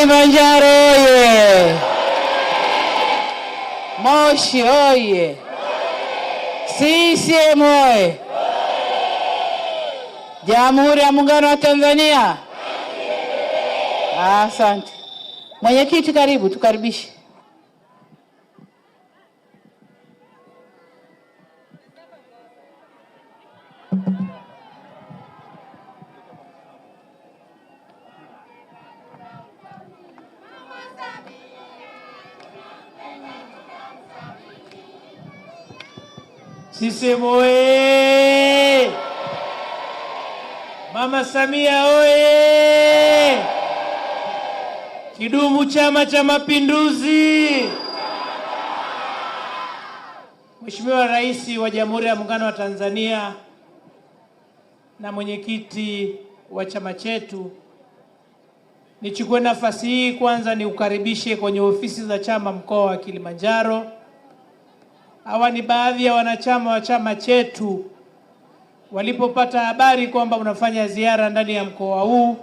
Kilimanjaro oye! Moshi oye! CCM oye! Jamhuri ya Muungano wa Tanzania. Asante mwenyekiti, karibu tukaribishe. CCM oye! Mama Samia oye! Kidumu Chama cha Mapinduzi! Mheshimiwa Rais wa Jamhuri ya Muungano wa Tanzania na mwenyekiti wa chama chetu, nichukue nafasi hii kwanza niukaribishe kwenye ofisi za chama mkoa wa Kilimanjaro hawa ni baadhi ya wanachama wa chama chetu walipopata habari kwamba unafanya ziara ndani ya mkoa huu,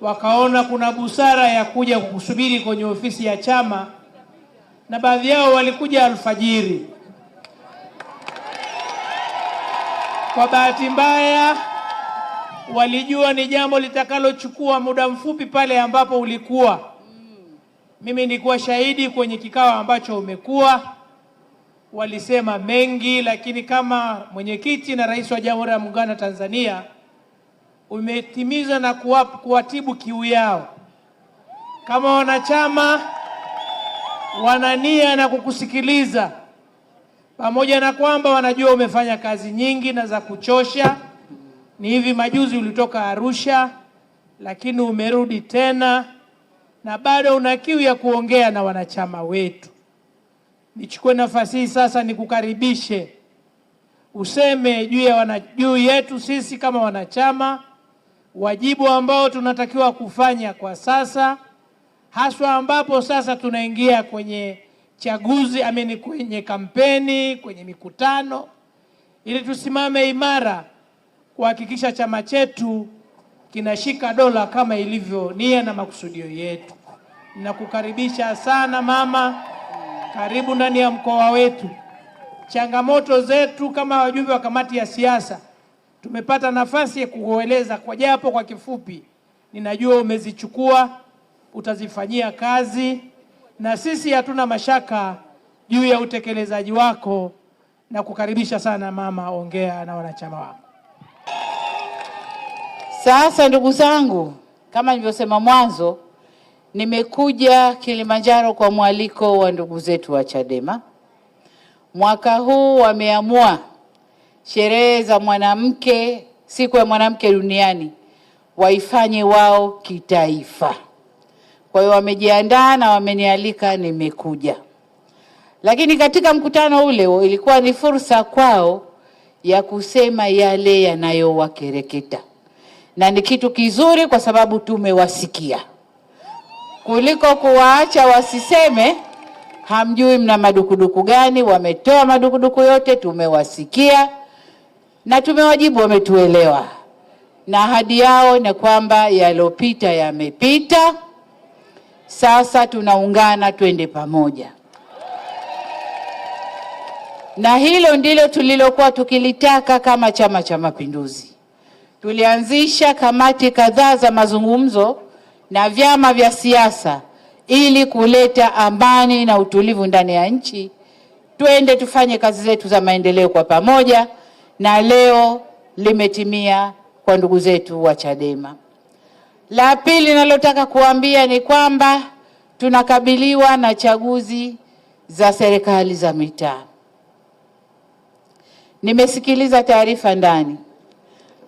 wakaona kuna busara ya kuja kusubiri kwenye ofisi ya chama, na baadhi yao walikuja alfajiri. Kwa bahati mbaya, walijua ni jambo litakalochukua muda mfupi pale ambapo ulikuwa. Mimi nilikuwa shahidi kwenye kikao ambacho umekuwa walisema mengi, lakini kama mwenyekiti na rais wa Jamhuri ya Muungano wa Tanzania umetimiza na kuwatibu kiu yao. Kama wanachama wanania na kukusikiliza, pamoja na kwamba wanajua umefanya kazi nyingi na za kuchosha. Ni hivi majuzi ulitoka Arusha, lakini umerudi tena na bado una kiu ya kuongea na wanachama wetu nichukue nafasi hii sasa nikukaribishe useme juu ya wana, juu yetu sisi kama wanachama, wajibu ambao tunatakiwa kufanya kwa sasa, haswa ambapo sasa tunaingia kwenye chaguzi amini, kwenye kampeni, kwenye mikutano, ili tusimame imara kuhakikisha chama chetu kinashika dola kama ilivyo nia na makusudio yetu. Nakukaribisha sana mama karibu ndani ya mkoa wetu. Changamoto zetu kama wajumbe wa kamati ya siasa, tumepata nafasi ya kueleza kwa japo kwa kifupi. Ninajua umezichukua utazifanyia kazi, na sisi hatuna mashaka juu ya utekelezaji wako, na kukaribisha sana mama, ongea na wanachama wako. Sasa ndugu zangu, kama nilivyosema mwanzo Nimekuja Kilimanjaro kwa mwaliko wa ndugu zetu wa Chadema. Mwaka huu wameamua sherehe za mwanamke, siku ya mwanamke duniani, waifanye wao kitaifa. Kwa hiyo wamejiandaa na wamenialika, nimekuja. Lakini katika mkutano ule ilikuwa ni fursa kwao ya kusema yale yanayowakereketa, na ni kitu kizuri kwa sababu tumewasikia kuliko kuwaacha wasiseme hamjui mna madukuduku gani. Wametoa madukuduku yote, tumewasikia na tumewajibu, wametuelewa na ahadi yao ni kwamba yaliyopita yamepita. Sasa tunaungana twende pamoja, na hilo ndilo tulilokuwa tukilitaka kama Chama cha Mapinduzi. Tulianzisha kamati kadhaa za mazungumzo na vyama vya siasa ili kuleta amani na utulivu ndani ya nchi. Twende tufanye kazi zetu za maendeleo kwa pamoja, na leo limetimia kwa ndugu zetu wa Chadema. La pili nalotaka kuambia ni kwamba tunakabiliwa na chaguzi za serikali za mitaa. Nimesikiliza taarifa ndani,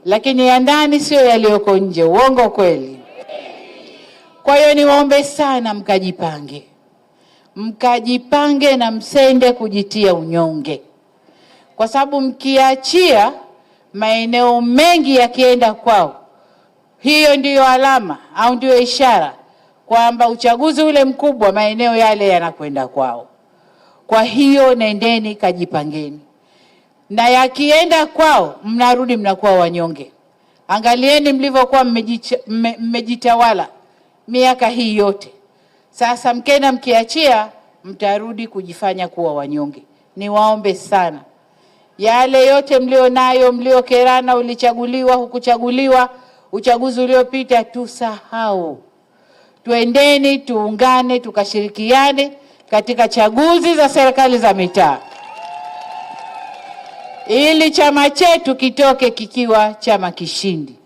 lakini ya ndani siyo yaliyoko nje. Uongo kweli? Kwa hiyo niwaombe sana mkajipange, mkajipange na msende kujitia unyonge, kwa sababu mkiachia maeneo mengi yakienda kwao, hiyo ndiyo alama au ndiyo ishara kwamba uchaguzi ule mkubwa, maeneo yale yanakwenda kwao. Kwa hiyo nendeni kajipangeni, na yakienda kwao mnarudi mnakuwa wanyonge. Angalieni mlivyokuwa mmejitawala miaka hii yote. Sasa mkenda mkiachia, mtarudi kujifanya kuwa wanyonge. Niwaombe sana, yale yote mlio nayo mliokerana, ulichaguliwa, hukuchaguliwa, uchaguzi uliopita, tusahau. Tuendeni tuungane, tukashirikiane katika chaguzi za serikali za mitaa ili chama chetu kitoke kikiwa chama kishindi.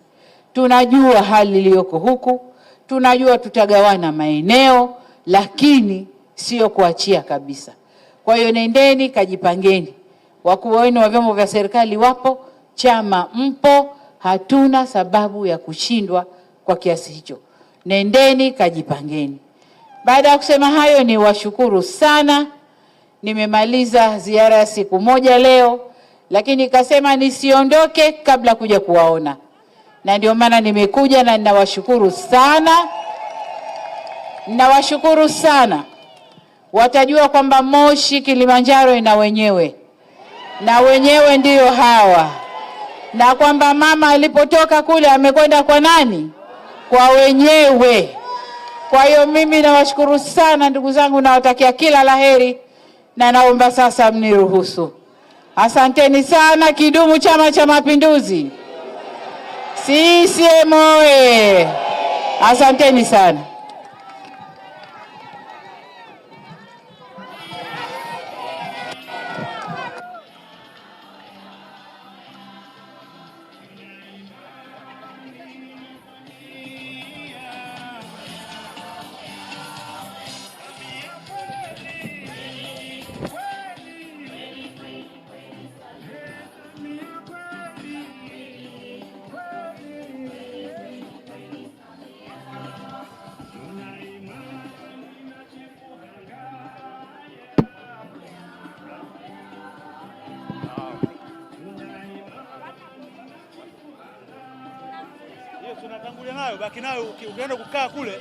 Tunajua hali iliyoko huku, tunajua tutagawana maeneo, lakini sio kuachia kabisa. Kwa hiyo nendeni, kajipangeni. Wakuu wenu wa vyombo vya serikali wapo, chama mpo, hatuna sababu ya kushindwa kwa kiasi hicho. Nendeni, kajipangeni. Baada ya kusema hayo, ni washukuru sana. Nimemaliza ziara ya siku moja leo, lakini nikasema nisiondoke kabla kuja kuwaona na ndio maana nimekuja na ninawashukuru sana, ninawashukuru sana. Watajua kwamba Moshi Kilimanjaro ina wenyewe na wenyewe ndiyo hawa, na kwamba mama alipotoka kule amekwenda kwa nani? Kwa wenyewe. Kwa hiyo mimi nawashukuru sana ndugu zangu, nawatakia kila laheri, na naomba sasa mniruhusu. Asanteni sana. Kidumu Chama cha Mapinduzi! CCM oye! Asanteni sana. tunatangulia nayo, baki nayo, ukienda kukaa kule